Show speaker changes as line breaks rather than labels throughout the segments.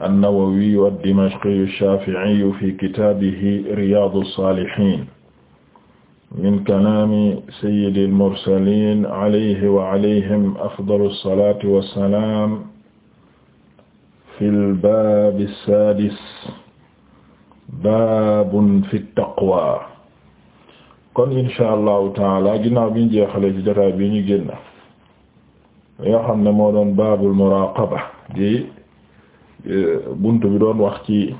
an-Nawawi ad-Dimashqi ash-Shafi'i fi kitaabihi Riyaadu as-Saalihiin min kalaami sayyidi al-mursaliin alayhi wa alayhim afdalu as-salaati was-salaam fil baabi as-saadis baabun fi at-taqwaa kon inshaa Allahu ta'aala ginnaaw bi ñu jeexalee ci jotaay bi ñu génn yoo xam ne moo doon baabul muraaqaba di bunt bi doon wax ci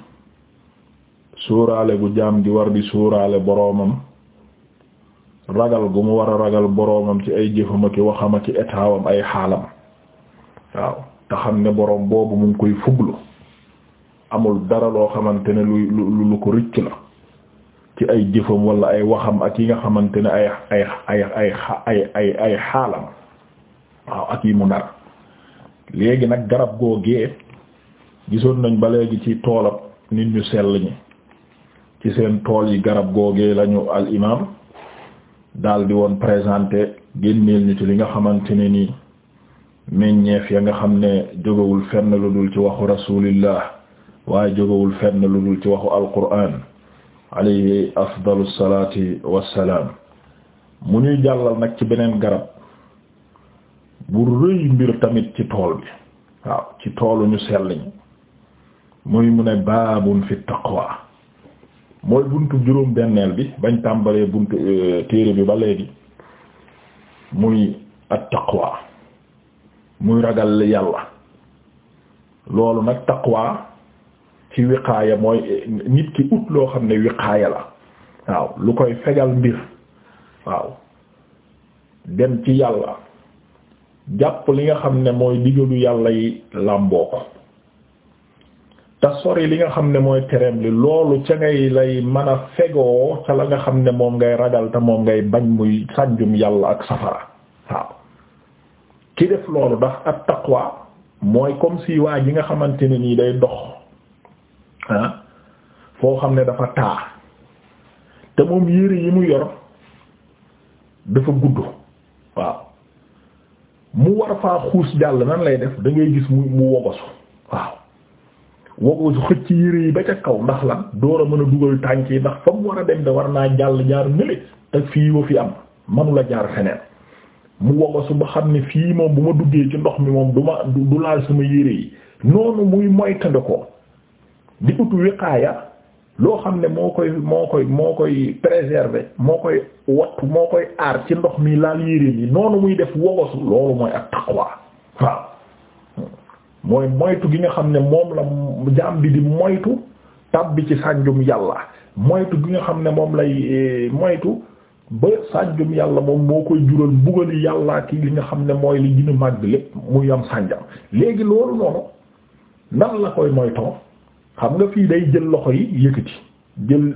suuraale bu jaam gi war di suuraale boroomam ragal gu mu war a ragal boroomam ci ay jëfam ak waxam ak étatam ay xaalam waaw ne boroom boobu mu koy fuglu amul dara loo xamante ne lu ci ay jëfam wala ay waxam ak yi nga xamante ne ay ay ay ay xaalam waaw ak yi mu nar léegi nag garab googee gisoon nañ ba léegi ci toolab nit ñu sell ñi ci seen tool yi garab googee lañu al imam daal di woon présenté génneel ñu ci li nga xamante ne nii meññeef ya nga xam ne jógawul fenn lu dul ci waxu rasulillah waaye jógawul fenn lu dul ci waxu alquran alayhi afdalu salaati wassalaam mu ñuy jàllal nag ci beneen garab bu rëy mbir tamit ci tool bi waaw ci toolu ñu sell ñi muy mu ne baabun fi taqwa mooy buntu juróom benneel bi bañ tàmbalee buntu euh, téere bi ba léegi muy at taqwa muy ragal yàlla loolu nag taqwa ci wiqaaya mooy euh, nit ki ut loo xam ne wiqaaya la waaw lu koy fegal mbir waaw dem ci yàlla jàpp li nga xam ne mooy digalu yàlla yi làmboo ko te sori li nga xam ne mooy tereem li loolu ca ngay lay mën a fegoo ca la nga xam ne moom ngay ragal te moom ngay bañ muy sànjum yàlla ak safara waaw ki def loolu ndax ak taqwa mooy comme si waa ji nga xamante ne nii day dox ah foo xam ne dafa taa te moom yére yi mu yor dafa gudd waaw mu war faa xuus jàll nan lay def da gis mu mu wogosu woo ko xëcc yére yi ba ca kaw ndax la door a mën a dugal tànk yi ndax fa mu war a dem de war naa jàll jaar nële te fii wa fi am manula jaar feneen mu woo ba xam ne fii moom bu ma duggee ci ndox mi moom du ma du laal suma yére yi noonu muy moytandi ko di ut wiqaaya loo xam ne moo koy moo koy moo koy préserver moo koy wattu moo koy aar ci ndox mi laal yére yi noonu muy def wogosu loolu mooy ak taqwa waaw mooy moytu gi nga xam ne moom la jaam bi di moytu tàbbi ci sànjum yàlla moytu gi nga xam ne moom lay eh, moytu ba sànjum yàlla moom moo koy jural mbugali yàllaa ki li nga xam ne mooy li gën a màgg lépp mu yam sànjam léegi loolu noonu nan la koy moytoo xam nga fii day jël loxo yi yëkkati jël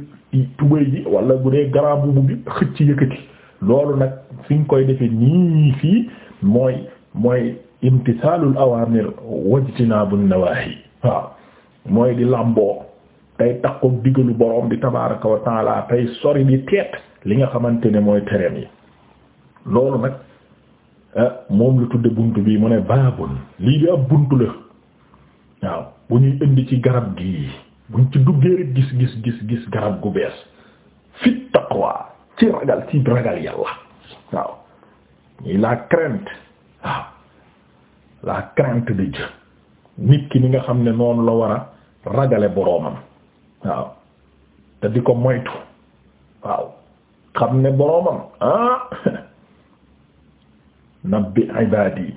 tubéy ji wala bu dee garab bu xëcc yëkkati loolu nag fi nga koy defee nii fii mooy mooy imtisaalul awaamir wajtinaabu nawaahi waaw mooy di làmboo tey takkook digalu borom bi tabaaraka wa tey sori di teet li nga xamante ne mooy tereem yi loolu nag eh, moom la tudd bunt bi mu ne baabun lii di ab bunt la waaw bu ñuy indi ci garab gi buñ ci duggee rek gis gis gis gis garab gu bees fit taqwa ci ragal ci ragal yàlla waaw ñii la waaw la crainte de Dieu nit ki ni nga xam ne noonu la war a ragale boroomam waaw di ko moytu waaw xam ne boroomam ah nabbi ibadi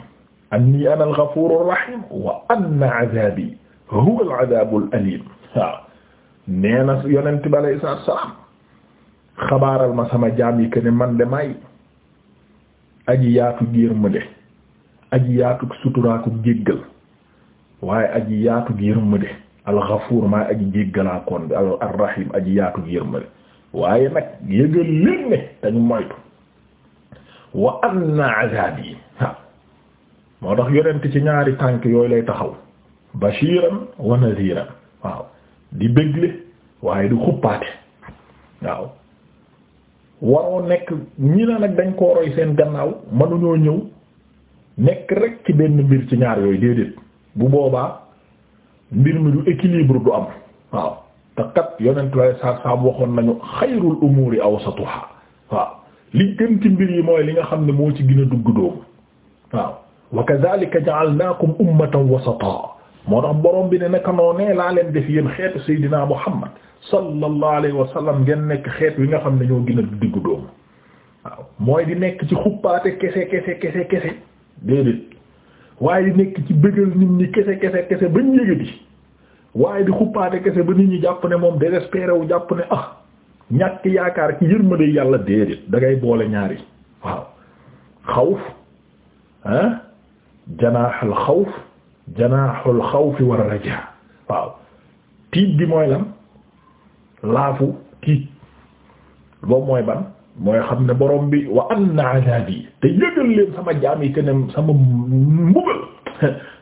anni ana al-ghafurur wa anna adabi huwa al alim waaw nee na yonent bi alayhi salaatu xabaaral ma sama jaam yi que man de may aji yaatu giir mu de aji yaatug suturaakub jéggal waaye aji yaatug yërmande alxafuur maa aji jéggalaakoon bi alrahim aji yaatug yërmande waaye nag yëgal leen ne dañu moytu wa anna azab yi waaw moo tax yonent ci ñaari tànk yooyu lay taxaw bashiran wa nadhiran waaw di bégle waaye di xuppaate waaw waroo nekk ñi na nag dañ ko roy seen gannaaw mënuñoo ñëw nekk rek benn mbir ci ñaar yooyu déedéet bu boobaa mbir mi du équilibre du am waaw te kat yonentu Yàlla saa saa waxoon nañu xayrul umuuri awsatuha waaw li gën ci mbir yi mooy li nga xam ne moo ci gën a dugg doomu waaw wa kadhalika ja'alnakum ummatan wasata moo tax borom bi ne naka noonee laa leen def yéen xeetu Seydina Muhammad sallallahu alayhi wa sallam ngeen nekk xeet wi nga xam ne ñoo gën a waaw mooy di nekk ci xuppaate kese kese kese kese déedéet waaye di nekk ci bëggal nit ñi kese kese kese bañ yëgati waaye di xuppaate kese ba nit ñi jàpp ne moom désespéré wu jàpp ne ah ñàkk yaakaar ci yërmande yàlla déedéet dangay boole ñaari waaw xaw ah janaaxal xawf janaaxul xawfi war a rajaa waaw tiit bi mooy lan laafu tiit loolu mooy ban mooy xam ne borom bi wa anna adabi te yëgal leen sama jaam yi ne sama mbugal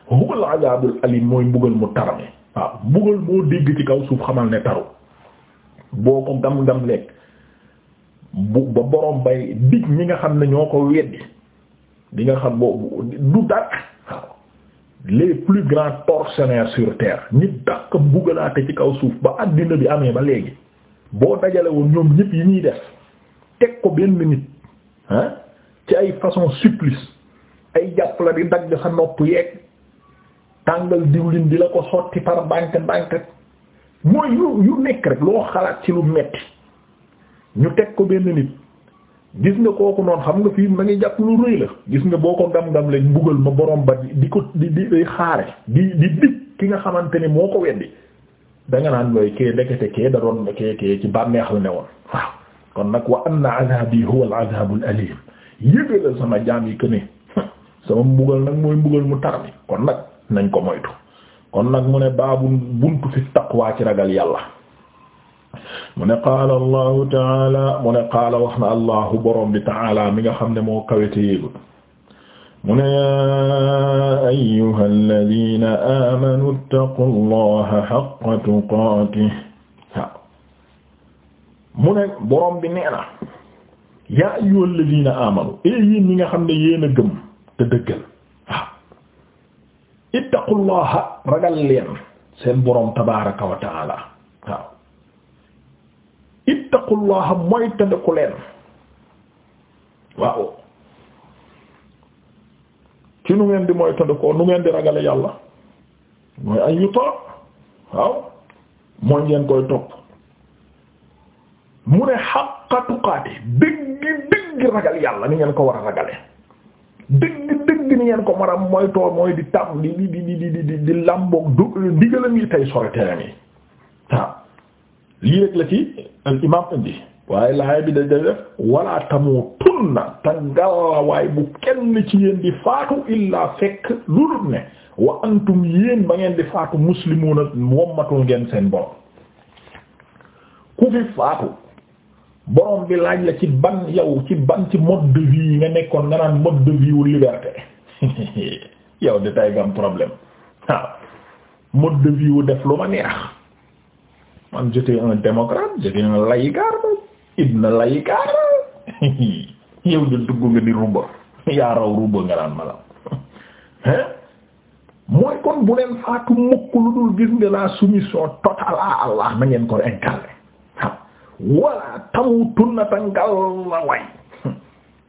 huwal azabul alim mooy mbugal mu tarame waaw mbugal moo dégg ci kaw suuf xamal ne taru boo ko gam gam lekk bu ba borom bay dig ñi nga xam ne ñoo ko weddi di nga xam boobu du dara waaw les plus grands tortionnaires sur terre ñi dàq mbugalaate ci kaw suuf ba àddina bi amee ba léegi boo dajale woon ñoom ñëpp yi ñuy def teg ko benn nit ci ay façon supplice ay jàpp la di dagg sa nopp yeeg tàngal diwlin di la ko sotti par banque banque mooy yu yu nekk rek loo xalaat ci lu metti ñu teg ko benn nit gis nga kooku noonu xam nga fii ma ngi jàpp lu rëy la gis nga boo ko gam-gam lañ mbugal ma borom ba di ko di di xaare di di dig ki nga xamante ni moo ko weddi danga naan mooy kee ndekete kee da doon kee kee ci bànneex la ne woon waaw kon nag wa anna azabi huwa al azabul yëgalal sama jaam yi que ne sama nag mooy mbugal mu tar mi kon nag nañ ko moytu nag mu ne baabu buntu fi taqwa ci ragal yàlla mu ne qaala allahu taala mu ne wax na allahu borom bi taala mi nga xam ne moo kawete yéegul mu ne yaa ayyuha alladina amanu ttaqu llaha xaqa tuqaatih waaw mu ne yaa ayyuhal ladina amanu e yéen ñi nga xam ne yéen a gëm te dëggal waaw ittaqullaha ragal leen seen boroom tabaraka wa waaw ittaqullaha mooy tëddaku leen waaw ci nu ngeen di mooy tëddakoo nu ngeen di ragale yàlla mooy ay yuta waaw mooy ngeen koy topp mu ne xaqa tuqaati dëgg dëgg ragal yàlla ni ngeen ko war a ragale dëgg dëgg ni ngeen ko maram mooy tool mooy di tam di di di di di di làmboog du digalam yi tey sore teram yi waaw lii rek la ci al imam indi waaye laay bi da def wala tamutunna te ngalawaay bu kenn ci yéen di faatu illaa fekk lu dul ne wa antum yéen ba ngeen di faatu muslimuuna wommatul ngeen seen borom ku fi faatu borom bi laaj la ci ban yow ci ban ci mode de vie yi nga nekkoon nga naan mode de vie wu liberté yow de tay am problème waaw mode de vie wu def lu ma neex man j'étais un démocrate j'étais un laïcard ibn laïcard yow nga di ruba yaa raw ruba nga naan ma hein mooy kon bu leen faatu mukk lu dul gis nga la soumission totale à Allah na ngeen ko incarner walla tamutunna ta ngal la way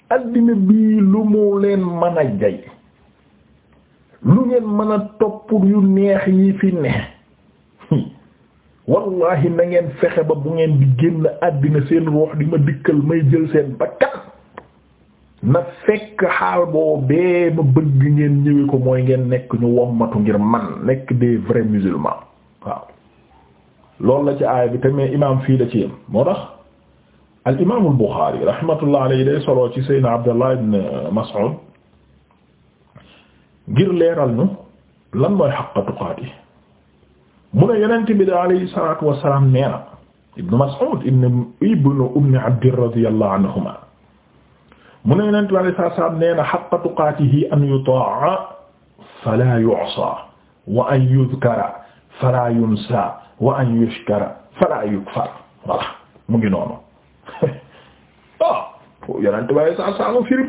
bii lu mu leen mën a jay lu ngeen mën a topp yu neex yi fi ne wallahi na ngeen fexe ba bu ngeen di génn àddina seen ruux di ma dikkal may jël seen bakkan na fekk xaal boobee ma bëgg ngeen ñëwee ko mooy ngeen nekk ñu wommatu ngir man nekk des vrais musulmans waaw loolu la ci aaya bi te mais imaam fii la ci yem moo tax al imaamul Buxaari rahmatullah alayhi day soloo ci Seydina Abdallah ibn Mas'ud ngir leeral ñu lan mooy xaqa tuqaat yi mu ne yonent bi da alayhi salaatu wa salaam nee na ibn Mas'ud ibn ibn Ummi Abd radiyallahu anhuma mu ne yonent bi alayhi salaatu wa salaam nee na xaqa tuqaatihi an yutaa'a fala yu'saa wa an yudhkara fala yunsaa wa an yushkara yukfar voilà mu ngi noonu oh yonent waaye saa saa mu firi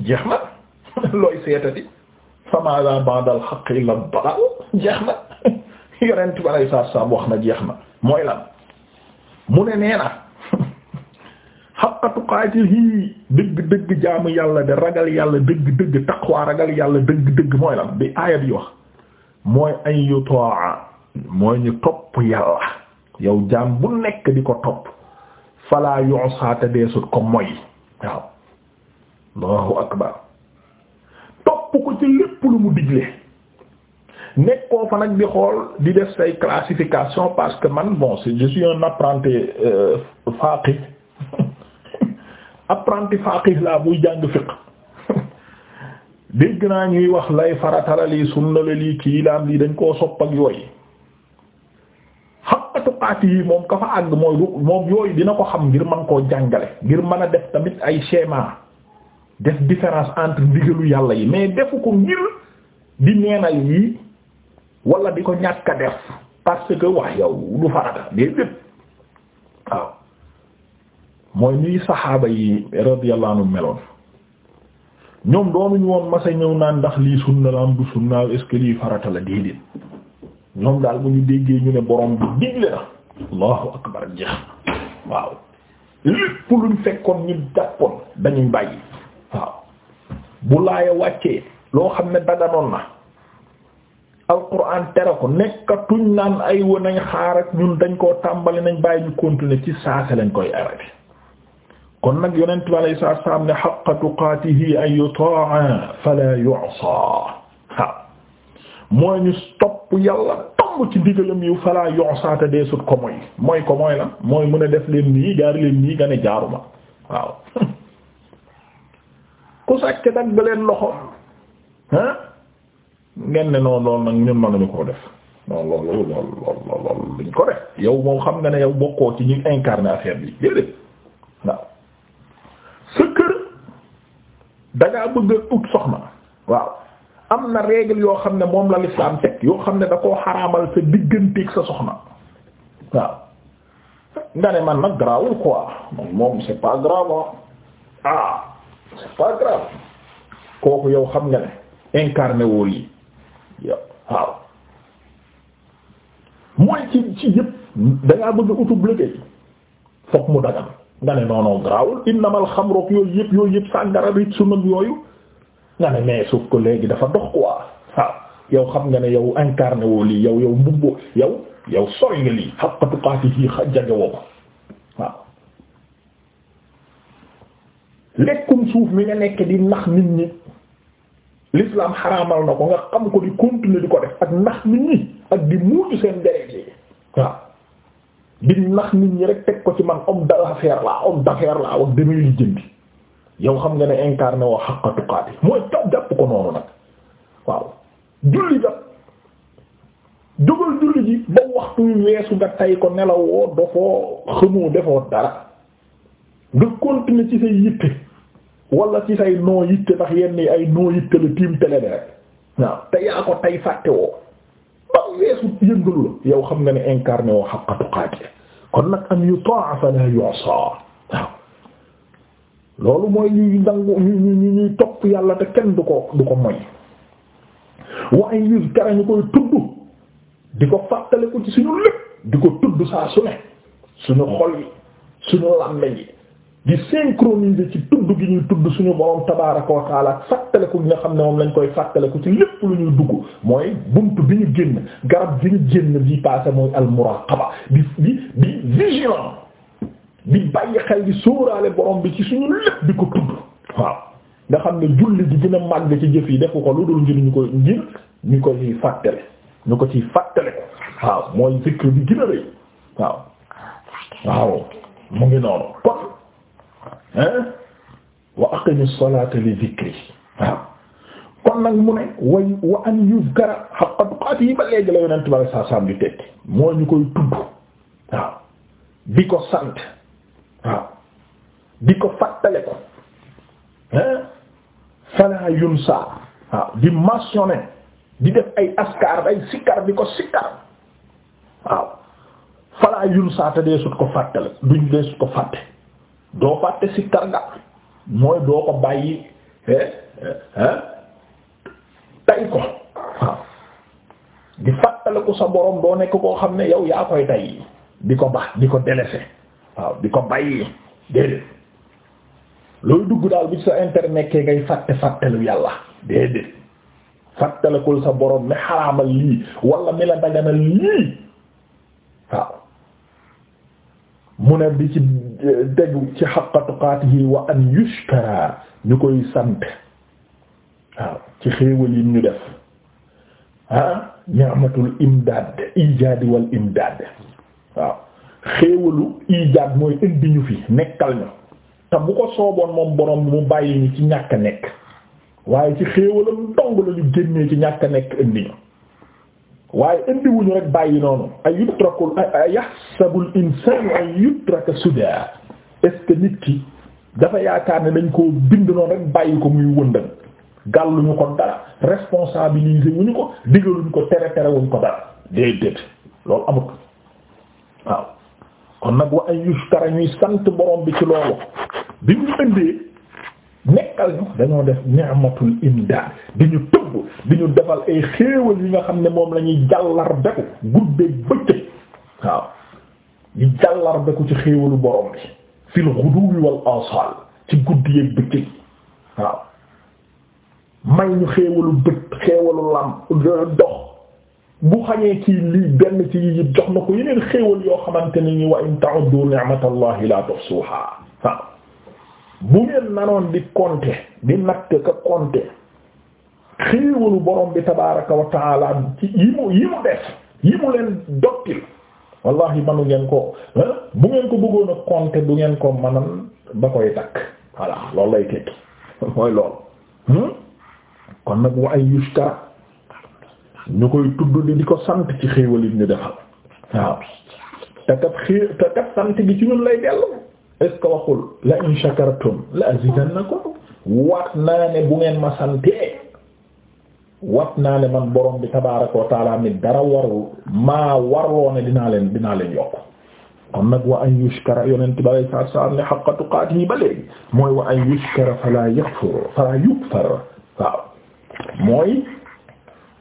na looy seetati fa ma la ba'da al illa al dalal jeex na yonent waaye saa saa mooy lan mu ne nee na haqqa tuqaatihi dëgg dëgg jaamu yàlla de ragal yàlla dëgg dëgg taqwa ragal yàlla dëgg dëgg mooy lan bi aaya bi wax mooy an yutaa mooy ñu topp yàlla yow jaam bu nekk di ko topp falaa yusaata deesut ko moy waaw allahu akbar topp ko ci lépp lu mu digle nekkoo fa nag xool di def say classification parce que man bon c'est je suis un apprenti euh, faqih laa buy jàng fiqh dégg naa ñuy wax lay faratala lii sunna la lii kii laam lii dañ koo sopp ak yooyu xaqa yi moom ka fa àgg mooy du moom yooyu dina ko xam ngir man koo jàngale ngir mën a def tamit ay schéma def différence entre ndigalu yàlla yi mais defu ko ngir di neenal yi wala di ko ñàkk a def parce que wax yow du farata day lépp waaw mooy nii saxaaba yi radiyallahu anhum meloon ñoom doonuñu woon masa ñëw naan ndax lii sunna la am du sunna est lii farata la déedéet ñoom daal bu ñu déggee ñu ne borom bi digle na allahu akbar jeex waaw lépp luñ fekkoon ñu jàppoon dañuy bàyyi waaw bu laaya wàccee loo xam ne daganoon na alquran tere ko nekkatuñ naan ay wa nañ xaar ñun dañ koo tàmbali nañ bàyyi ñu continuer ci saase lañ koy arrêté kon nag yonent bi alayhi salaatu salaam ne haqqa tuqaatihi an yuta'a fala yu'sa waaw mooy ñu stop topp yàlla tomb ci digalam yu falaa yonsaata dee sut ko moy mooy ko mooy la mooy mën a def leen nii jaari leen nii nga ne jaaruma waaw ku sàcc dagg leen loxo ah ngeen ne noonu loolu nag ñun mënuñu koo def non loolu loolu loolu luñ ko def yow moom xam nga ne yow bokkoo ci ñi incarné affaire bi déedéet waaw sa kër dangaa bëgg ut soxna waaw am na règle yoo xam ne moom la l'islam teg yoo xam ne da koo xaraamal sa digganteeg sa soxna waaw nga ne man na grawul quoi man moom ah, kooku yow xam nga ne incarné wóol yi yow waaw mooy ci ci yëpp dangaa bëgg utub lëgéey fokk mu dagan nga ne noonon grawul innamal xamru yooyu yëpp yooyu yëpp sàngara rit su nag yooyu nga ne mais suuf ko léegi dafa dox quoi waaw yow xam nga ne yow incarné woo lii yow yow mbubboo yow yow sori nga lii haqqa tuqaatihi jage woo ko waaw lekkum suuf mi nga nekk di nax nit ñi l'islam xaraamal na ko nga xam ko di continuer di ko def ak nax nit ñi ak di muucu seen deret waaw di nax nit ñi rek teg ko ci man homme d'affaires la homme d'affaires la wax demee li jëndi yow xam nga ne incarné woo xaqa tuqaati mooy taw jàpp ko noonu nag waaw julli jàpp jógal julli ji ba waxtu weesu nga tay ko nelawoo dafoo xamoo defoo dara nga continuer ci say yitte wala ci say noo yitte ndax yenn ay noo yitte la tiim tele de waaw te yaa ko tay fàtte ba weesu yëngalu la yow xam nga ne incarné woo xaqa tuqaati kon nag am yu ta'afa la yu'sa waaw loolu mooy ñuy nangu ñu ñu ñuy topp yàlla te kenn du ko du ko moy waaye ñun kare ñu koy tudd di ko fàttaliku ci suñu lépp di ko tudd saa su ne suñu xol yi suñu làmmeñ yi di synchroniser ci tudd gi ñuy tudd suñu borom tabaaraka wa taala fàttaliku gi nga xam ne moom lañ koy fàttaliku ci lépp lu ñuy dugg mooy bunt bi ñu génn garab bi ñu génn bi passé mooy al muraqaba di di di vigilant. di bàyyi xel di sóoraale borom bi ci suñu lépp di ko tudd waaw nga xam ne julli di gën a màgg ci jëf yi defu ko lu dul ngir ñu koy ngir ñu ko ciy fàttale ñu ko ci fàttale ko waaw mooy zikr bi gën a waaw waaw mu ngi noonu kon hein wa aqimi salata li zikri waaw kon nag mu ne way wa an yuzkara haqqa tuqaati ba léegi la yonent bi sallallahu alayhi wasallam tekki moo ñu koy tudd waaw bi ko sant waaw di ko fàttale ko hein fala yunsa waaw di mentionner di def ay askar ay sikkar di ko sikkar waaw fala yunsa te dee sut ko fàttale duñ dee sut ko fàtte doo fàtte sikkar nga mooy doo ko bàyyi hein tay ko waaw di fàttale ko sa borom doo nekk koo xam ne yow yaa koy tay di ko baax di ko délaisser waaw di ko bàyyi déedéet looy dugg daal bu ci sa internet kee ngay fàtte fàttelu yàlla déedéet fàttalekul sa borom mi xaraamal lii wala mi la daganal lii waaw mu ne di ci eh, degu ci haqqa tuqaatihi wa an yushkara ñu koy sant waaw ci xéewal yi ñu def ah ni'matul imdaad ijaadi imdaad waaw xéewalu ijaad mooy indi ñu fi nekkal ñu te bu ko sooboon moom boroom bi mu bàyyi ñu ci ñàkk nekk waaye ci xéewalam dong lañu génnee ci ñàkk nekk indi ñu waaye indiwuñu rek bàyyi noonu ay yutrakul ay yahsabul insaanu ay yutraka suda nit ki dafa yaakaar ne dañ koo bind noonu rek bàyyi ko muy wëndal gàlluñu ko dara responsabiliser wuñu ko digaluñu ko tere terewuñu ko dara déedéet loolu amut waaw kon nag wa an yushkara ñuy sant borom bi ci loolu bi ñu indee nekkal ñu dañoo def ni'matul imdaad di ñu tëbb di ñu defal ay xéewal yi nga xam ne moom la ñuy jàllar beku guddeeg bëccëg waaw ñu jàllar beku ci xéewalu borom bi fil ghuduwi wal asal ci guddi ak bëccëg waaw may ñu xéewalu bët xéewalu lam dox bu xañee kii lii benn ci yi jox na ko yeneen xéewal yoo xamante ne ni wa in ta'uddu ni'matallahi la tuhsuha waaw bu ngeen nanoon di compter di natt ka compter xéewalu borom bi tabaraka wa taala ci yi mu yi mu def yi mu leen dottil wallahi manu ngeen ko bu ngeen ko bëggoon a compter du ngeen ko manan ba koy takk voilà loolu lay tekki mooy loolu hmm? kon nag wa ay yushkara ñu koy tudd di di ko sant ci xéewal yi ñu defal waaw te kat xéew te kat sant gi ci ñun lay dellu est waxul la in shakartum la azidannakum waat naa ne bu ngeen ma santee wat naa ne man borom bi tabaaraka wa taala mi dara warul maa warloo ne dinaa leen dinaa leen yokk kon nag wa an yushkara yonent bi alayhi salaatu salaam ne haqqa ba léegi mooy wa an yushkara falaa yakfur falaa yukfar waaw mooy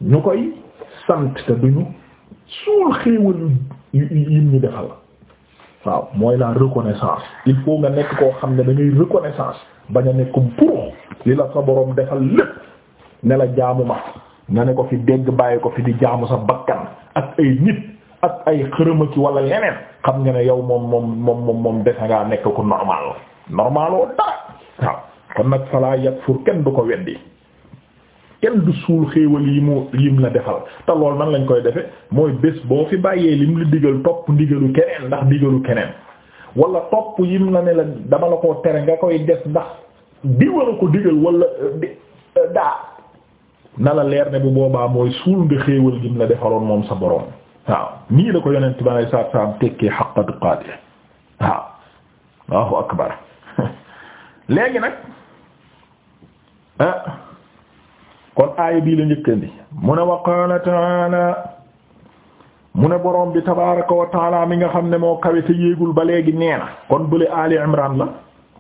ñu koy sant te duñu suul xéewal yu yim ñu defal waaw mooy la reconnaissance il faut nga nekk koo xam ne da ngay reconnaissance bañ a nekkum pour li la sa boroom defal lépp ne la jaamu ma nga ne ko fi dégg bàyyi ko fi di jaamu sa bakkan ak ay nit ak ay xërëma ci wala leneen xam nga ne yow moom moom moom moom moom defe ngaa nekk ko normal normal oo dara waaw kon nag falaa yag fur kenn du ko weddi kenn du suul xéewal yi mu yim la defal te loolu nan lañ koy defe mooy bés boo fi bàyyee lim li digal topp ndigalu keneen ndax digalu keneen wala topp yim la ne la dama la koo tere nga koy def ndax diwala ko digal wala euh, euh, daa na la leer ne bu boobaa mooy suul nga xéewal yim la defaloon moom sa boroom waaw nii la ko yonent ba nay saat saam tekkee haqqa tuqaati waaw Allahu akbar léegi nag ah, kon aaya bii la njëkkandi mu ne wa qaala mu ne boroom bi tabaraka wa taala mi nga xam ne moo kawe te yéegul ba léegi nee na kon bële Ali Imran la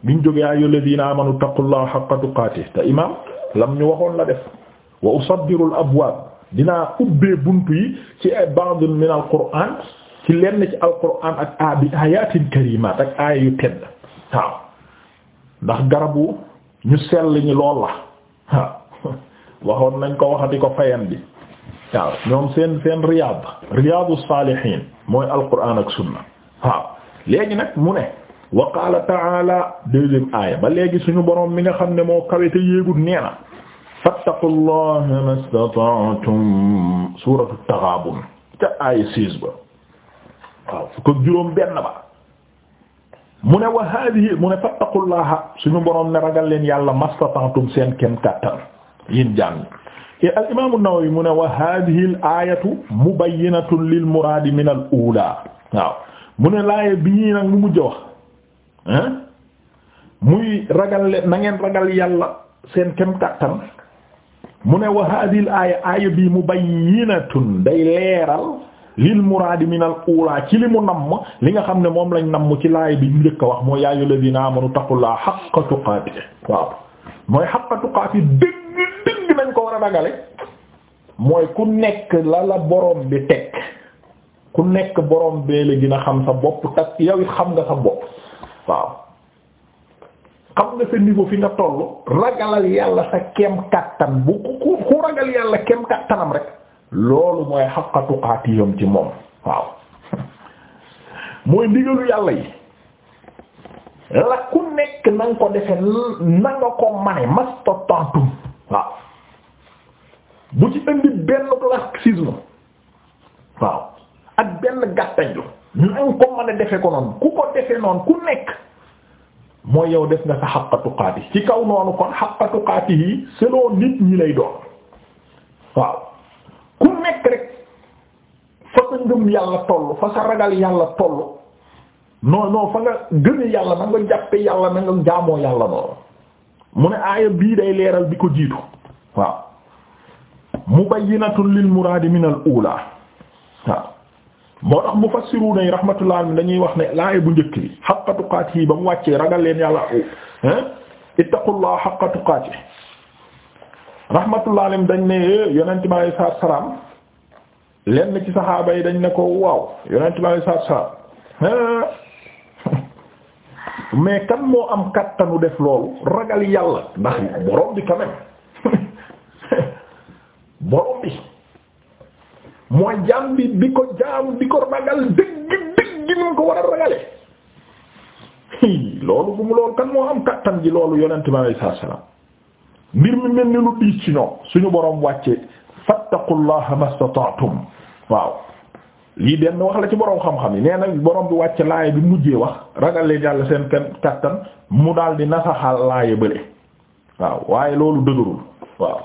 biñ jógee ayyuhal ladina amanu taqullaha haqqa tuqaatih te imam lam ñu waxoon la def wa usaddirul abwaab dinaa ubbee buntu yi ci ba'd min al qur'an ci lenn ci al qur'an ak a bi ayatin karimat ak aaya yu tedd waaw ndax garabu ñu sell ñi lool la waxoon nañ ko waxati ko fayan bi waaw ñoom seen seen riyaad riyaadu saalihiin mooy alquraan ak sunna waaw léegi nag mu ne wa qaala ta'ala deuxième aaya ba léegi suñu boroom mi nga xam ne moo kawete yéegul nee na fattaqullaha mastata'tum suuratu taghaabun ca aaya seize ba waaw fu ko juróom ba mu ne wa haadihi mu ne fattaqullaha suñu boroom ne ragal leen yàlla mastata'tum seen kem kàttan yin jàng al imaamu Nawawi mu ne wa hadhihi al ayatu mubayyinatun lil muraadi min al ula waaw mu ne laaya bi ñii nag mu mujj wax ah muy ragal leen na ngeen ragal yàlla seen kem kàttan mu ne wa hadhihi al aaya aaya mu mubayyinatun day leeral lil muraadi min al ula ci li mu namm li nga xam ne moom lañ namm ci laaya bi ñu njëkk wax mooy yaa ayyuhal ladina amanu taqullaha haqqa tuqaatih waaw mooy haqqa tuqaatih dagale mooy ku nekk la la borom bi teg ku nekk boroom bee la gën a xam sa bopp tak yow xam nga sa bopp waaw xam nga sa niveau fi nga toll ragalal yàlla sa kem kàttan bu ku ku ragal yàlla kem kàttanam rek loolu mooy xaqa tuqaatiyam ci moom waaw mooy ndigalu yàlla yi la ku nekk na nga ko defe na ko mane mastotantum waaw bu ci indi benn laxisme waaw ak benn gàttañ lu ñu am ko mën a defe ko noonu ku ko defe noonu ku nekk mooy yow def nga sa xaqa tuqaati ci kaw noonu kon xaqa tuqaati yi selon nit ñi lay doon waaw ku nekk rek fa sa ngëm yàlla toll fa sa ragal yàlla toll non non fa nga gëme yàlla na nga jàppe yàlla na nga jaamoo yàlla noonu mu ne aaya bii day leeral bi ko jiitu waaw mubayyinatun lil muraadi min al ula waaw moo tax mufassiru nay rahmatullah dañuy wax ne laay bu njëkk bi haqqa tuqaatihi ba mu wàccee ragal leen yàlla hein ittaqullaha haqqa tuqaatihi rahmatullah alayhim dañ ne eh, yonent bi alayhi salaatu salaam lenn ci saxaaba yi dañ ne ko waaw yonent bi alayhi salaatu salaam mais kan moo am kattanu def loolu ragal yàlla ndax borom bi quand borom bi mooy jaam di ko jaam di ko ragal dëgg dëgg gi ñu ko war a ragale loolu bu mu loolu kan moo am kattan ji loolu yonent bi alayhi salaam mbir mi mel ni lu diis ci ñoom suñu borom wàcce fattaqullaha mastata'tum waaw lii benn wax la ci borom xam-xam yi nee na borom bi wàcce laay bi mujjee wax ragal leen seen kenn kattan mu daal di nasaxal laay bële waaw waaye loolu dëgërul waaw.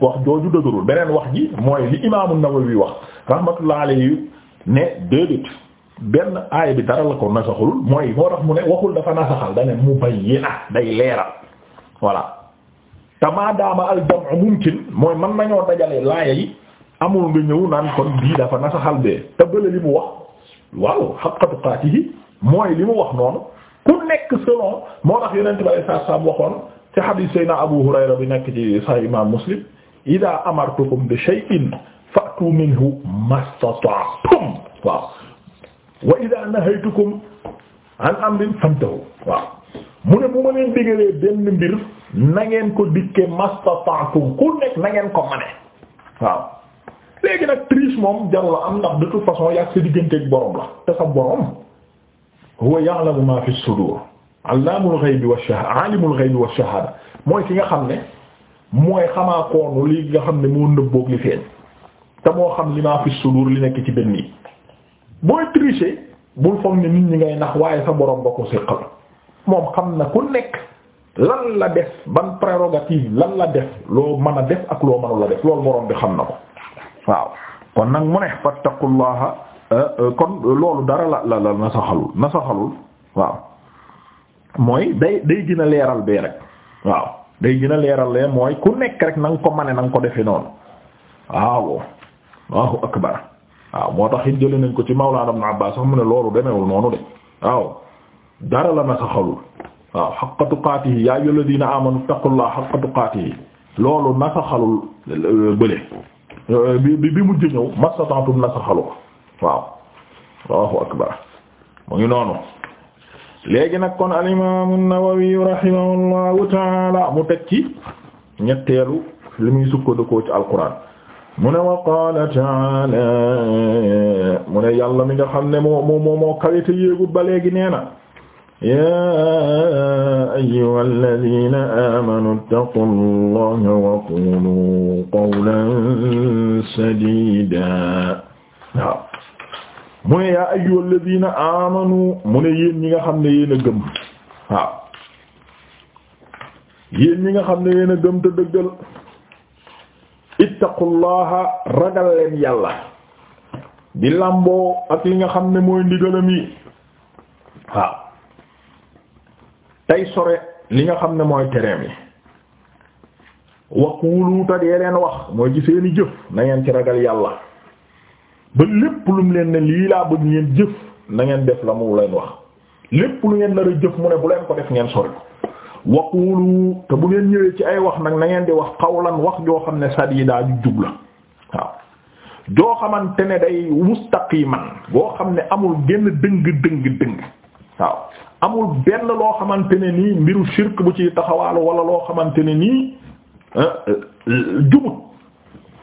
wax jooju dëgërul beneen wax ji mooy li imaamu Nawawi wax rahmatullah alayhi ne déedéet benn aay bi dara la ko nasaxul mooy moo tax mu ne waxul dafa nasaxal da ne mubayyina day leeral voilà te maadaama al jam'u mumkin mooy man nañoo dajale laaya yi amul nga ñëw naan kon bii dafa nasaxal bee te li mu wax waaw haqqa tuqaatihi mooy li mu wax noonu ku nekk selon moo tax yonent bi sallallahu alayhi wasallam waxoon ci hadith sayna Abu Hurayra bi nekk ci sahih imam Muslim ida amartukum bi shay'in fa'tu minhu mastata'tum waaw wa ida nahaytukum an amrin fantahu waaw mu ne bu ma leen digalee benn mbir na ngeen ko dikke mastata'tum ku nekk na ngeen ko mane waaw léegi nag triche moom jarul am ndax de toute façon yàgg sa digganteeg borom la te sa borom huwa ya'lamu ma fi sudur allaamul ghaybi wa shahada aalimul ghaybi wa shahada mooy ki nga xam ne mooy xamaa koonu li nga xam ne moo nëbboog li feeñ te moo xam li maa fi sudur li ci benn yi booy tricher bul foog ne nit ñi ngay ko séqal moom xam na ku nekk la def ban prérogative lan la def loo mën a def ak loo mënul def loolu borom bi xam na ko waaw kon nag mu ne fattaqullaha euh, euh, kon loolu dara la la la nasaxalul nasaxalul waaw mooy day day gën a leeral bee rek waaw day gën a leeral lee mooy ku nekk rek na nga ko mane na nga ko defee noonu waaw Allahu akbar waaw moo tax it jëlee nañ ko ci Mawlana Ibn Abbas sax mu ne loolu demewul noonu de waaw dara la na saxalul waaw haqqa tuqaatihi yaa ayyuhalladhiina aamanu ittaqullaha haqqa tuqaatihi loolu nasaxalul euh, bële euh, bi bi bi mujj ñëw masatantum nasaxalu ko waaw Allahu akbar mu ngi noonu léegi nag kon al imaam an-Nawawi rahimahullahu taala mu teg ci ñetteelu li muy sukkandikoo ci alquran mu ne wa qaala taala mu ne yàlla mi nga xam ne moo moo moo kawite yéegul ba léegi nee na yaa ayyuhal ladiina aamanu ittaqullaha wa quulu qawlan sadiidaa waaw mu ne yaa ayyuhal ladina amanu mu ne yéen ñi nga xam ne yéen a gëm waaw yéen ñi nga xam ne yéen a gëm te dëggal ittaqullaha ragal leen yàlla di làmboo ak li nga xam ne mooy ndigalam yi waaw tey sore li nga xam ne mooy tereem yi waqulu ta dee leen wax mooy ci seeni jëf na ngeen ci ragal yàlla ba lépp lu leen ne lii laa bëgg ngeen jëf na ngeen def la mu leen wax lépp lu ngeen nar a jëf mu ne bu leen ko def ngeen sori ko waqulu te bu ngeen ñëwee ci ay wax nag na ngeen di wax xawlan wax joo xam ne sadiida ju jub la waaw joo xamante ne day mustaqiman boo xam ne amul genn dëng dëng dëng waaw amul benn loo xamante ne nii mbiru shirk bu ci taxawaalu wala loo xamante ne nii ah, eh, jubut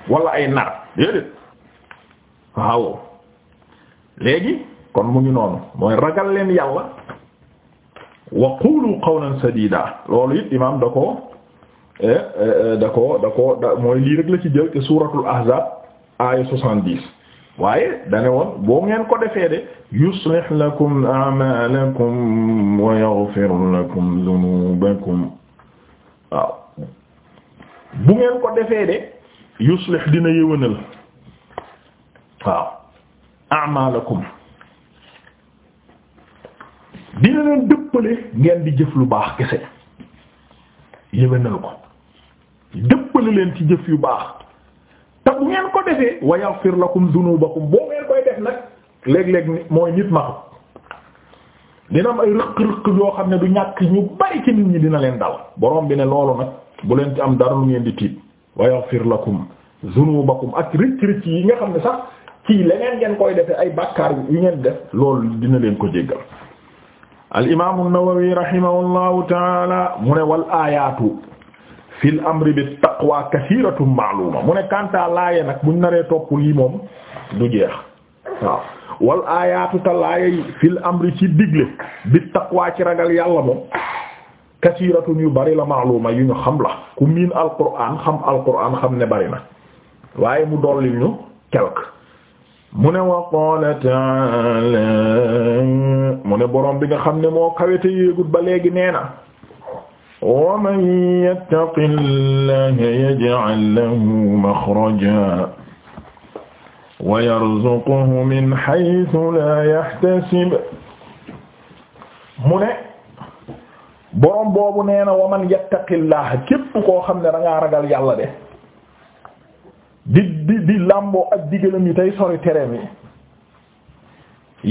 wala ay nar déedéet waaw léegi kon mu ngi noonu mooy ragal leen yàlla wa qulu qawlan sadida loolu it imaam da ko eh, eh, da ko da ko da mooy lii rek la ci jël te suuratul ahzab aaya soixante-dix waaye dane woon boo ngeen ko defee de yuslih lakum a'malakum wa yaghfir lakum dhunubakum waaw bu ngeen ko defee de yuslih dina yëwënal waaw a'malakum dina leen dëppale ngeen di jëf lu baax kese yéwénal ko dëppale leen ci jëf yu baax te bu ngeen ko defee wa yaghfir lakum dunubakum boo ngeen koy def nag léeg-léeg mooy nit maxu dina am ay rëq-rëq yoo xam ne du ñàkk ñu bari ci nit ñi dina leen dal borom bi ne loolu nag bu leen ci am dara lu ngeen di tiit wa yaghfir lakum dunubakum ak rëcc rëcc yi nga xam ne sax ci leneen ngeen koy defe ay bàkkaar yu ngeen def loolu dina leen ko jéggal al imaamu an-Nawawi rahimahullahu taala mu ne wal aayaatu fil amri bi taqwa kasiratun maaluma mu ne kanta laaye nag buñ naree topp yi moom du jeex waaw wal ayaatu te laaye fil amri ci digle bi taqwa ci ragal yàlla moom kasiratun yu bari la maaluma yu ñu xam la ku miin alquran xam alquran xam ne bari na waaye mu dollil ñu quelque mu ne wa qaala ta'aala mu ne boroom bi nga xam ne moo kawete yéegut ba léegi nee na wa man yattaqi llaaha yaj'al lahu maxraja wa yarzuqhu min haythu laa yahtasib mu ne boroom boobu nee na wa man yattaqi llaaha képp koo xam ne da ngaa ragal yàlla de di di làmboo ak digalam yi tey sori tereem mi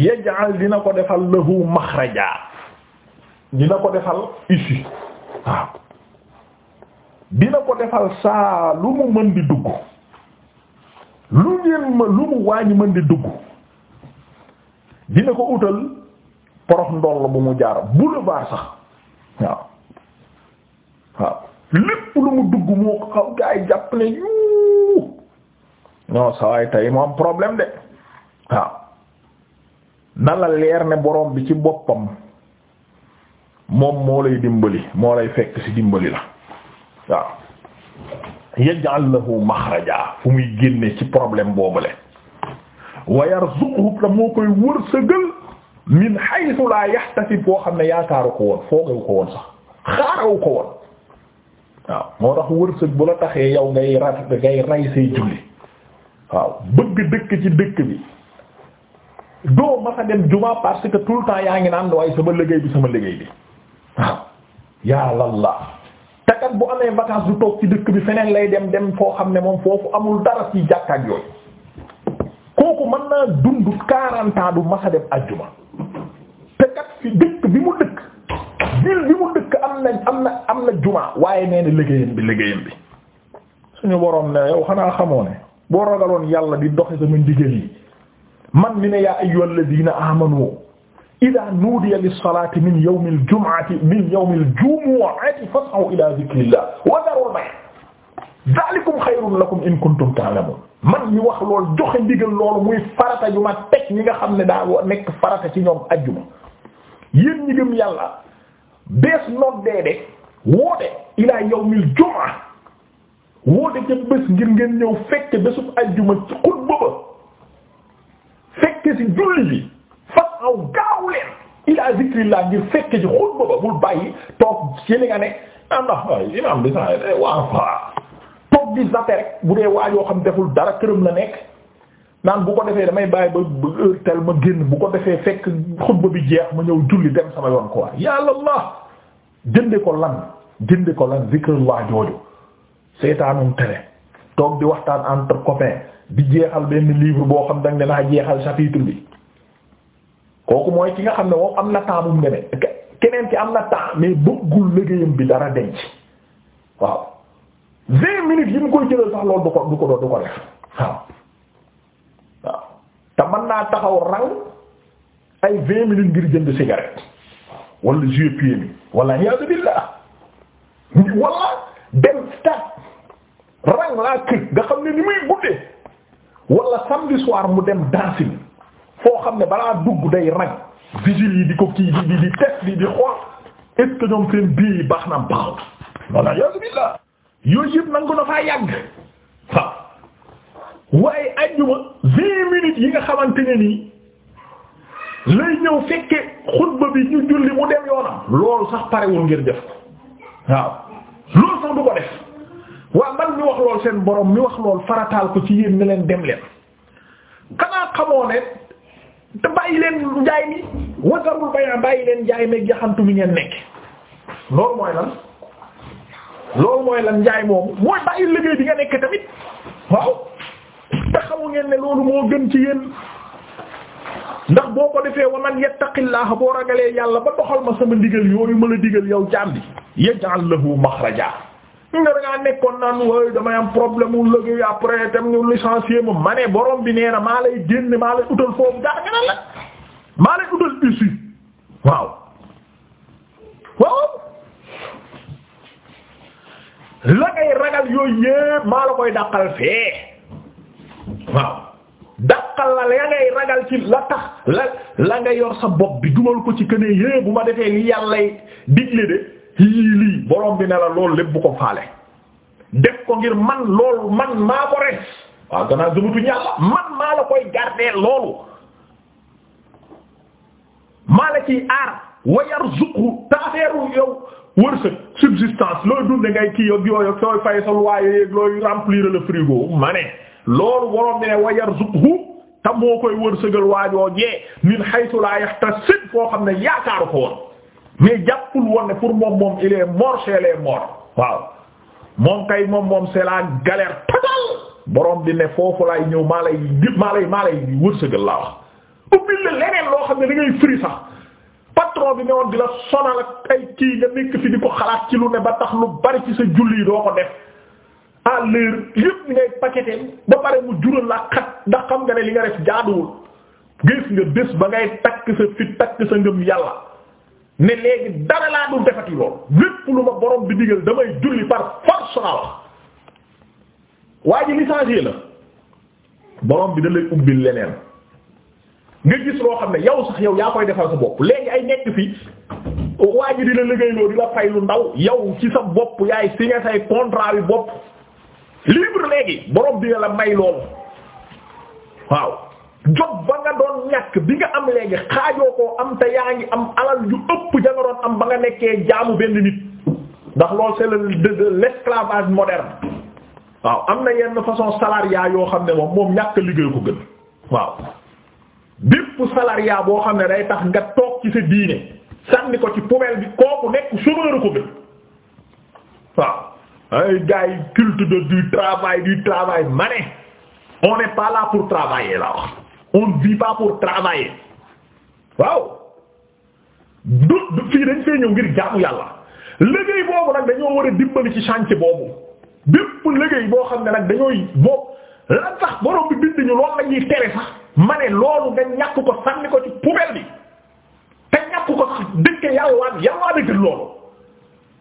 yaj'al dina ko defal lahu maxraja dina ko defal issue waaw dina ko defal saa lu mu mën di dugg lu ngeen ma lu mu wàññi mën di dugg dina ko utal porox ndoll bu mu jaar boulevard sax waaw waaw lépp lu mu dugg moo ko xaw gaa yi jàpp ne yuu non sawaay tay moom problème de waaw na la leer ne borom bi ci boppam moom moo lay dimbali moo lay fekk ci dimbali la waaw yaj'al lahu maxraja fu muy génne ci problème boobule wa yarzuquhu la moo koy wërsëgal min haythu la yahtasib boo xam ne yaakaaru ko woon foogewu ko woon sax xaarawu ko woon waaw moo tax wërsëg bu la taxee yow ngay rat ngay rey say julli waaw bëgg dëkk ci dëkk bi doo ma sa dem juma parce que tout le temps yaa ngi naan waaye sama liggéey bi sama liggéey bi waaw yaa lalla te bu amee vacances du toog ci dëkk bi feneen lay dem dem foo xam ne moom foofu amul dara ci jàkkaak yooyu kooku mën naa dund quarante du masa dem ajjuma te kat fi dëkk bi mu dëkk ville bi mu dëkk am na am na am na juma waaye nee na liggéeyam bi liggéeyam bi suñu boroom ne yow xanaa xamoo ne boo ragaloon yàlla di doxe sama ndigal yi man mi ne yaa ayyuhal ladina amanu ida nuudiya lis-salaati min yawmil jumu'ati min yawmil jumu'ati fas'aw ila dhikrillah wa dharul bay' dhalikum khayrun lakum in kuntum ta'lamun man mi wax lool joxe ndigal loolu muy farata ju ma teg ñi nga xam ne daa nekk farata ci ñoom ajjuma yéen ñi gëm yàlla bees noddee de woote ila yawmil jumu'ati woote ca bés ngir ngeen ñëw fekk bésub ajjuma ci xutba ba fekk ci julli fas aw gaaw leen ila zikrillah ngir fekk ci xutba ba bul bàyyi toog ci li nga ne am na imaam bi sax di zappe bu dee waa yoo xam deful dara këram la nekk naan bu ko defee damay bàyyi ba tel ma génn bu ko defee fekk xutba bi jeex ma ñëw julli dem sama yoon quoi yàlla allah jënde ko lan jënde ko lan zikrullah jooju seytaanum tere toog di waxtaan entre copains di jeexal benn livre boo xam danga ne naa jeexal chapitre bi kooku mooy ki nga xam ne moom am na temps bu keneen ki am na temps mais bëggul liggéeyam bi dara denc waaw vingt minutes yi mu koy jëlal sax loolu du ko du ko du ko def waaw te mën naa taxaw rang ay vingt minutes ngir jënd cigarette wala jus pied mi wala iyaazu billah wala rang laa kër nga xam ne ni muy guddee wala samedi soir mu dem danse foo xam ne balaa dugg day rang vigile yi di ko kii di di di test di di xool est-ce ñoom seen bii yi baax na baaxul walla yasubillah yooyu yëpp nangu na yàgg waaye ajjuma vingt minutes yi nga xamante ne nii lay ñëw fekke xutba bi ñu julli mu dem yoonam loolu sax parewul ngir def ko waaw loolu sax du ko def waa man mi wax lool seen borom mi wax lool farataal ko ci yéen ne leen dem leen kanaa xamoo ne te bàyyi leen njaay mi wagarul bayaa bàyyi leen njaay meeg yaxantu mi ngeen nekk loolu mooy lan loolu mooy lan njaay moomu mooy bàyyi liggéey bi nga nekk tamit waaw te xamu ngeen ne loolu moo gën ci yéen ndax boo ko defee wa man yattaqillaah boo ragalee yàlla ba doxal ma sama ndigal yooyu ma la digal yow jaam bi yaj'al lahu maxraja nga da nekkoon naan waaye damay am problème mu liggéey après tam ñu licencier ma ma borom bi nee na maa lay génne maa lay utal foofu dara nga la ngay ragal yooyu yépp maa la koy dàqal fee waaw dàqal la la ngay ragal ci la tax la la nga yor sa bopp bi dugal ko ci këne yépp bu ma defee li yàllay digle de yii lii borom bi ne la loolu lépp bu ko faale def ko ngir man loolu man maa ko res waaw gannaaw gëmatuñu yàlla man maa la koy garder loolu maa la ciy aar wayar zuqu taafeeru yow wërsëg subsistance looy dunde ngay kii yooyu sooy fay sa loyer yéeg looy remplir le frigo ma ne loolu borom bi ne wayar zuqu te moo koy wërsëgal waajoo jee min haythu la yahtasib foo xam ne yaakaaru ko woon mais jàppul woon ne pour moom moom il est mort chez les waaw moom kay moom moom c'est la galère boroom borom di ne foofu laay ñëw maa lay maa lay maa lay wërsëgal laa wax. ubbil la leneen loo xam ne da ngay firi sax patron bi ne woon di la sonal ak ay kii nga nekk fi di ko xalaat ci lu ne ba tax lu bari ci sa julli doo ko def. à l'heure yëpp ngay paqueté ba pare mu jural la xat ndax xam nga ne li nga def jaaduwul gis nga bés ba ngay takk sa fit takk ne léegi dara laa dul defati lool lépp lu ma borom bi digal damay julli par force naa wax waa ji licencié la borom bi da lay ubbil leneen nga gis loo xam ne yow sax yow yaa koy defal sa bopp léegi ay nekk fii waa ji di la liggéeyloo di la fay lu ndaw yow ci sa bopp yaay signé say contrat bi bopp libre léegi borom bi la may lool waaw. jot ba nga doon ñàkk bi nga am léegi xaajoo koo am te yaa ngi am alal yu ëpp ja nga doon am ba nga nekkee jaamu benn nit ndax lool loolu c'est le l'esclavage moderne waaw am na yenn façon salariat yoo xam ne moom moom ñàkk liggéey ko gën waaw bépp salariat boo xam ne day tax nga toog ci sa diine sànni ko ci poubelle bi kooku nekk chômeur ko gën waaw ay gars yi culte de du travail du travail mané on pour travailler la wax on ne vit pas waaw du du fii dañ ñëw ngir jaamu yàlla liggéey boobu nag dañoo war a dimbali ci chantier boobu bépp liggéey boo xam ne nag dañooy boobu lan sax borom bi bind ñu loolu la ñuy tere sax ma ne loolu nga ñàkk ko sànni ko ci poubelle bi te ñàkk ko sax dëkke yàlwaan yàlwaan gën loolu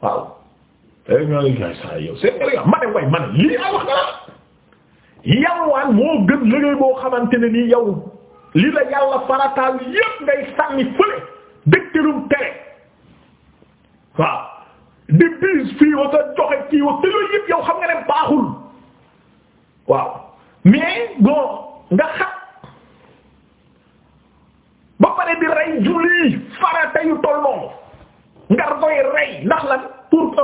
waaw. tey eh, ñu naan saa yow seen nga way ma ne lii wax dara. yalwaan moo gën liggéey boo xamante ne nii yow li la yàlla farataal yépp ngay sànni fële dëkkalum tere waaw di biis fii wa nga joxe kii wa te loolu yépp yow xam nga ne baaxul waaw mais bon nga xat ba pare di rey julli farata toll noonu ngar koy rey ndax la pour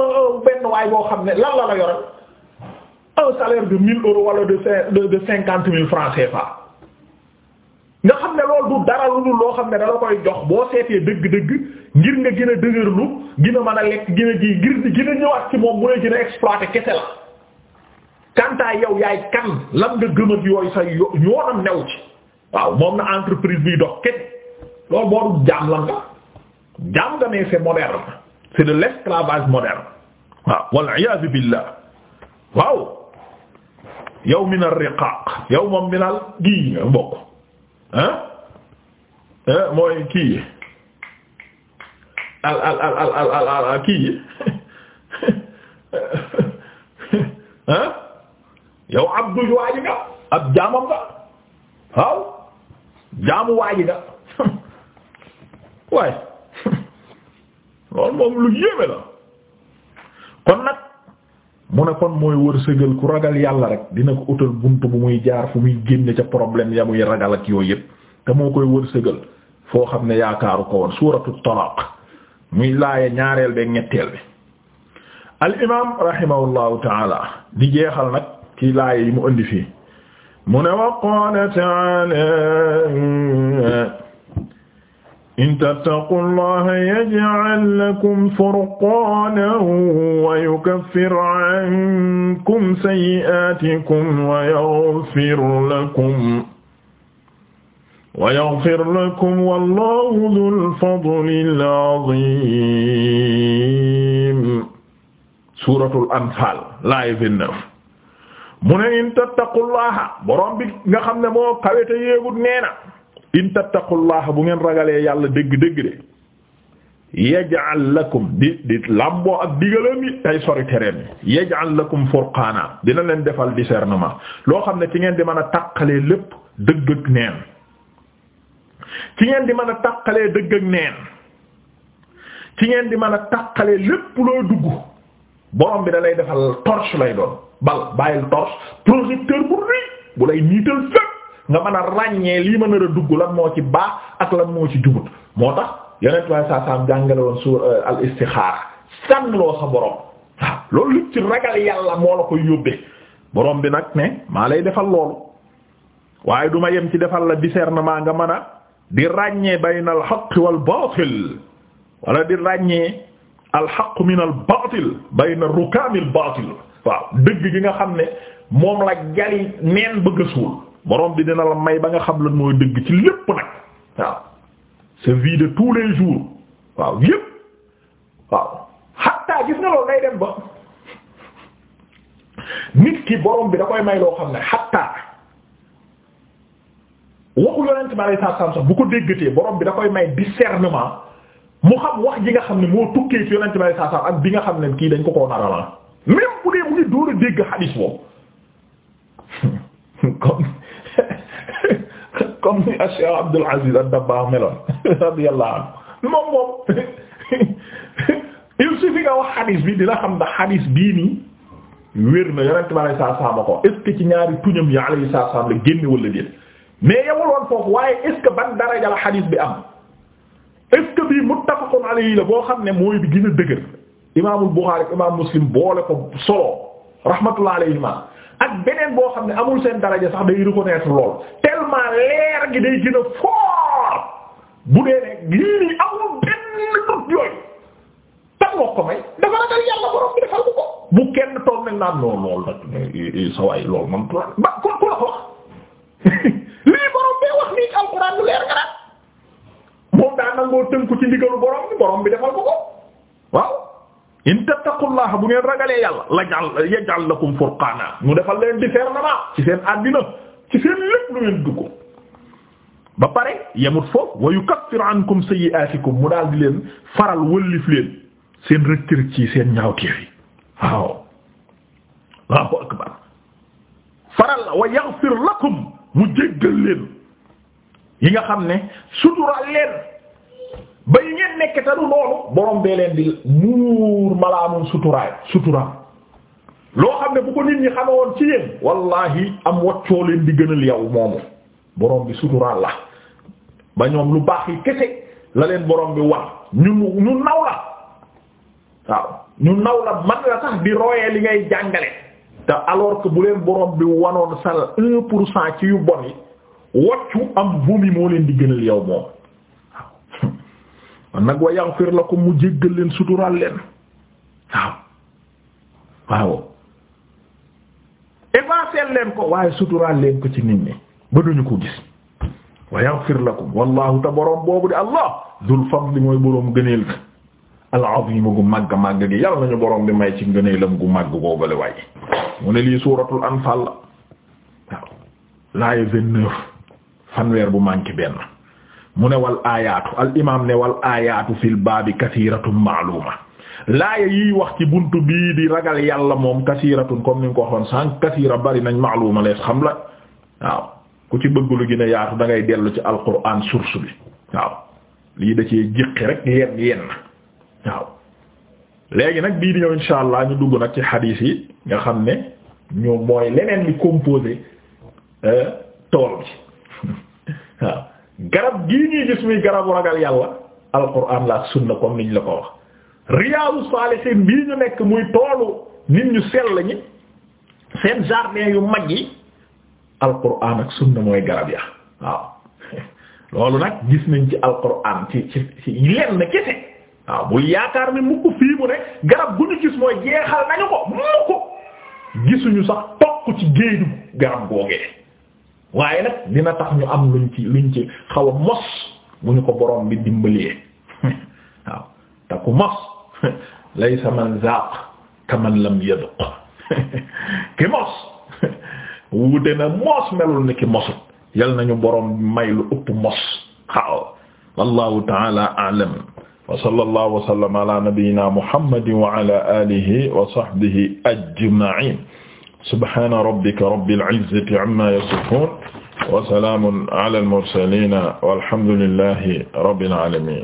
benn waay boo xam ne lan la la yoral un salaire de 1000 euros wala de de de cinquante mille francs nga xam ne lool du dara lu dul loo xam ne dala koy jox boo seetee dëgg-dëgg ngir nga gën a lu gën a mën a lekk gën a gi ngir di gën a ñëwaat ci moom mu lay gën a exploiter kese la kantaay yow yaay kan lan nga gëm ak yooyu sa yoonam new ci waaw moom na entreprise bii dox kese loolu booru jaam la nga jaam nga ne c'est moderne c'est de l'esclavage moderne waaw wal iyaazu billah waaw yow min ar-riqaaq yow moom minal gii nga bokk ah mooy kii al al al al al al kii ah yow abdu waaji nga ab jaamam nga waaw jaamu waaji nga waaye loolu lu yéeme la. mu ne kon mooy wërsëgal ku ragal yàlla rek dina ko utal buntu bu muy jaar fu muy génne ca problème ya muy ragal ak yooyu yëpp te moo koy wërsëgal foo xam ne yaakaaru ko woon suuratu talaaq muy laaya ñaareel beeg ñetteel bi al imaam rahimahullahu di jeexal nag ci laaya yi mu indi fii mu ne wa qaala taala in tattaqu llaha yaj'al lakum furqaanan wa yukaffir ankum sayyi'aatikum wa yaghfir lakum wa yaghfir lakum wallaahu dhul fadlil 'aziim. suuratul anfaal laaya vingt-neuf mu ne in tattaqu llaha boroom bi nga xam ne moo kawe te yéegut nee na in tattaqullaha bu ngeen ragalee yàlla dégg dëgg de yaj'al lakum di làmboo ak digaleem yi tey sori tereem yi yaj'al lakum furqaana dina leen defal discernement loo xam ne ci ngeen di mën a tàqalee lépp dëgg ak neen ci ngeen di mën a tàqalee dëgg ak neen ngeen di mën a tàqalee lépp loo dugg borom bi da lay defal torche lay doon bal bàyyil torche projecteur bu rëy bu lay niital fépp nga mën a ràññee lii mën a dugg lan moo ci baax ak lan moo ci jubut moo tax yeneen tubaab saa saa jàngale woon suur euh, al istixaara sànnloo sa borom waaw loolu lépp ci ragal yàlla moo la koy yóbbee borom bi nag ne maa lay defal loolu waaye duma yem ci defal la biseer na maa nga man a di ràññee bayna al haqq wal baatil wala di ràññee al haqq min al baatil bayna rukaamil baatil waaw dëgg gi nga xam ne moom la jali neen bëgg a borom bi dina la may ba nga xam la moo dëgg ci lépp nag waaw sa vie de tous les jours waaw yépp waaw xatta gis nga loolu day dem ba nit ki borom bi da koy may loo xam ne xatta waxu yonent bi alei satu salam sax bu ko déggatee borom bi da koy may discernement mu xam wax ji nga xam ne moo tukkee ci yonent bi alei satu salam ak bi nga xam ne kii dañ ko koo naralan même bu dee mu ngi dóor dégg xadiis boobu comme ni Cheikh Abdul Aziz ad-Dabbagh meloon radiyallahu anhu moom moom il suffit nga wax xadis bi dina xam ndax xadis bii nii wér na yonent bi alayhi salaatu salaam ko est-ce que ci ñaari tuñam yi alayhi salaatu salaam la génne wala déet mais yemul woon foofu waaye est-ce que ban daraja la xadis bi am est-ce que bii muttafaqun alayhi la boo xam ne mooy bi gën a dëgër imaamul Buxaari ak imaam Muslim boole ko solo rahmatullahi alayhima ak beneen boo xam ne amul seen daraja sax day reconnaître lool tellement leer gi day gën a fort bu dee ne lii nii amul benn dut yooyu tan moo ko may dafa ragal yàlla borom bi lool eh, eh, man turan ba ku la ko lii borom bee wax nii alxuraan lu leer nga moom daa nangoo tënku ci ndigalu borom bi borom bi defal ko ko waaw in tattaqullaha bu ngeen ragalee yàlla lajal yajal lakum furqaana mu defal leen discernement ci seen àddina ci seen lépp lu ngeen dugg ba pare yemut foofu wa yukaffir ankum sayyi'atikum mu daal di leen faral wëllif leen seen rëcc rëcc yi seen ñaawteef yi waaw Allahu akbar faral wa yaghfir lakum mu jéggal leen yi nga xam ne sutural leen ba yi ngeen nekk te du borom bee leen di muur malaanum suturaay suturaam loo xam ne bu ko nit ñi xame ci yéen wallahi am waccoo leen di gënal yow moomu borom bi suturaal la ba ñoom lu baax yi kese la leen borom bi wax ñu ñu naw la waaw ñu naw la man la sax di royee li ngay jàngale te alors que bu leen borom bi wanoon sal un pour cent ci yu bon yi waccu am bumi moo leen di gënal yow moom kon nag wa yaghfir lakum mu jéggal leen suturaal leen waaw waaw évancel leen ko waaye suturaal leen ko ci nit ñi ba duñu ko gis wa yaghfir lakum wallahu te boroom boobu de allah dul fadli mooy gu màgg màgg gi yàlla nañu boroom bi may ci ngëneelam gu màgg boobale waaye mu ne lii suuratul anfaal la waaw laaye vingt-neuf fanweer bu manqué benn mu ne wal aayaatu al imaam ne wal aayaatu fil baabi kasiiratun maaluma laaya yiy wax ci buntu bii di ragal yàlla moom kasiiratun comme ni nga ko waxoon sànq kasiira bari nañ maaluma lees xam la waaw ku ci bëgg lu gën yaatu da ngay dellu ci alquran source bi waaw lii da ci jiqi rek yenn waaw. léegi nag bii di ñëw insha allah ñu dugg nag ci xadiis yi nga xam ne ñoom mooy leneen li composé euh, tool bi waaw. garab gii ñuy gis muy garabu ragal yàlla alquran la sunna comme niñ la ko wax riyaadu saalihiin bii ñu nekk muy toolu nit ñu sell ñi seen jardin yu mag yi alquran ak sunna mooy garab ya waaw loolu nag gis nañ ci alquran ci ci ci lenn kese waaw bu yaakaar ni mu ko fii mu ne garab gu ñu gis mooy jeexal nañu ko mu gisuñu sax tokk ci géeju garab googee waaye nag dina tax ñu am luñ ci luñ ci xaw a mos bu ñu ko borom bi dimbalee waaw te ku mos laysa man zaaq kaman lam yaduq ki mos wuute na mos melul ni ki mosut yal nañu borom may lu ëpp mos waaw wallahu ta'ala a'lam wa sallallahu wa sallama ala nabiyyina muhammadin wa ala alihi wa sahbihi ajma'in subhana rabbika rabbil izzati amma yasifun wa salaamun ala al-mursaliina walhamdulillahi rabbil aalamiin